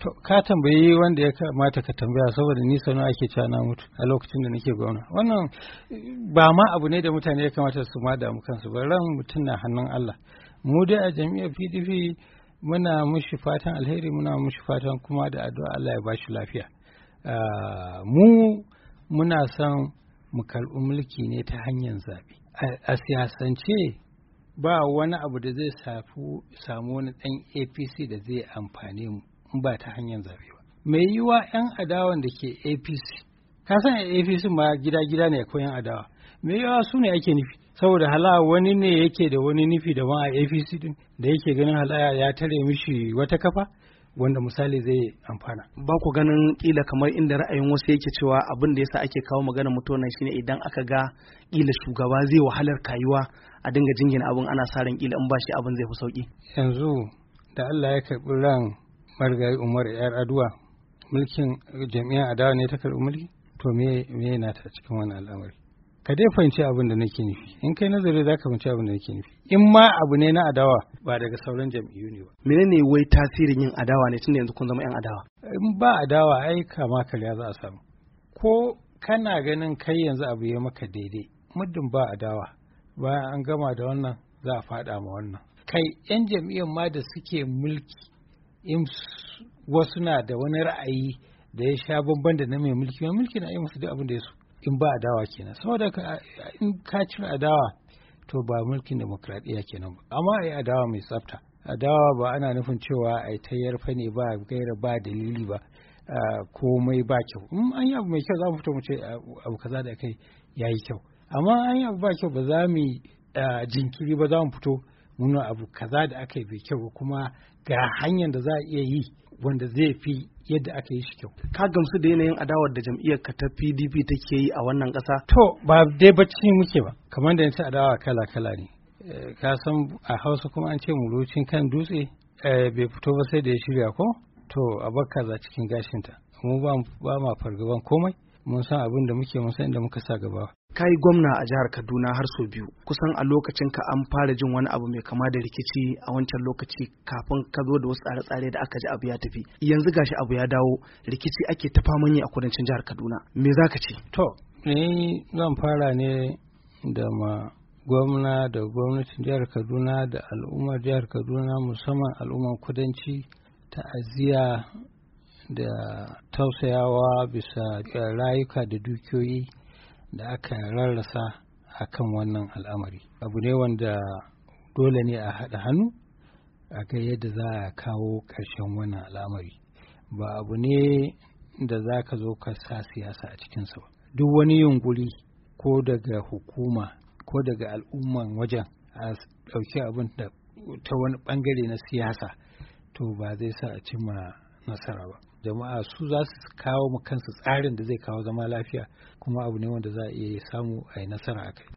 To, ka tambayi wanda ya kamata ka tambaya saboda ni sanu ake cana na mutu a lokacin da nake gwamna. Wannan ba ma abu ne da mutane ya kamata su ma damu kansu ba ran mutum na hannun Allah. Mu dai a jami'ar PDP muna mushi fatan alheri muna mushi fatan kuma da addu'a Allah ya bashi lafiya. Ah, mu muna son mu karɓi mulki ne ta hanyar zaɓe. A siyasance ba wani abu da zai samu wani ɗan APC da zai amfane mu. ba ta hanyar zaɓe ba mai yiwa 'yan adawan da ke apc ka san apc ma gida gida ne ko 'yan adawa mai yiwa su ne ake nufi saboda hala wani ne yake da wani nufi da wani a apc din da yake ganin hala ya tare mishi wata kafa wanda misali zai amfana. Ba ku ganin ƙila kamar inda ra'ayin wasu yake cewa abin da yasa ake kawo magana mutuwar nan shine idan aka ga ƙila shugaba zai wahalar kayuwa a dinga jingina abin ana sa ran kila in ba shi abin zai fi sauki. Yanzu da Allah ya karɓi ran marigayi umar yar aduwa mulkin jami'a adawa ne ta karɓi mulki to me me na ta cikin wani al'amari ka dai fahimci abin da nake nufi in kai nazari za ka fahimci abin da nake nufi in ma abu ne na adawa ba daga sauran jami'u ne ba menene wai tasirin yin adawa ne tunda yanzu kun zama yan adawa in ba adawa ai kama karya za a samu ko kana ganin kai yanzu abu ya maka daidai muddin ba adawa bayan an gama da wannan za a faɗa ma wannan kai yan jam'iyyar ma da suke mulki in wasu na da wani ra'ayi da ya sha bamban da na mai mulki mai mulki na yi musu duk abin da ya so in ba adawa kenan saboda in ka cire adawa to ba mulkin demokradiyya kenan ba amma ai adawa mai tsafta adawa ba ana nufin cewa ai ta yarfa ne ba gaira ba dalili ba komai ba kyau in an yi abu mai kyau za mu fito mu ce abu kaza da kai ya yi kyau amma an yi abu ba kyau ba za mu jinkiri ba za mu fito nuna abu kaza da aka yi bai kyau ba kuma ga hanyar da za a iya yi wanda zai fi yadda aka yi shi kyau. Ka gamsu da yanayin adawar da jam'iyyar ka ta PDP take yi a wannan ƙasa? To ba dai bacci muke ba kamar da yanzu adawa kala kala ne. Eh, ka san a Hausa kuma an ce mulucin kan dutse eh, bai fito ba sai da ya shirya ko? To a bakka za cikin gashinta. Mu ba ma fargaban komai. mun san abin da muke mun san inda muka sa gaba ka yi gwamna a jihar kaduna har sau biyu kusan a lokacin ka an fara jin wani abu mai kama da rikici a wancan lokaci kafin ka zo da wasu tsare-tsare da aka ji abu ya tafi yanzu gashi abu ya dawo rikici ake ta faman a kudancin jihar kaduna me za ka ce to ni zan fara ne da ma gwamna da gwamnatin jihar kaduna da al'ummar jihar kaduna musamman al'ummar kudanci ta'aziyya da tausayawa bisa rayuka da dukiyoyi da aka rarrasa a kan wannan al'amari abu ne wanda dole ne a haɗa hannu a ga yadda za a kawo ƙarshen wannan al'amari ba abu ne da za ka zo ka sa siyasa a cikinsa ba duk wani yunguri ko daga hukuma ko daga al'umman wajen a ɗauki abin da ta wani ɓangare na siyasa to ba zai sa a cimma nasara ba jama'a su za su kawo mu kansu tsarin da zai kawo zama lafiya kuma abu ne wanda za a iya samu a yi nasara a kai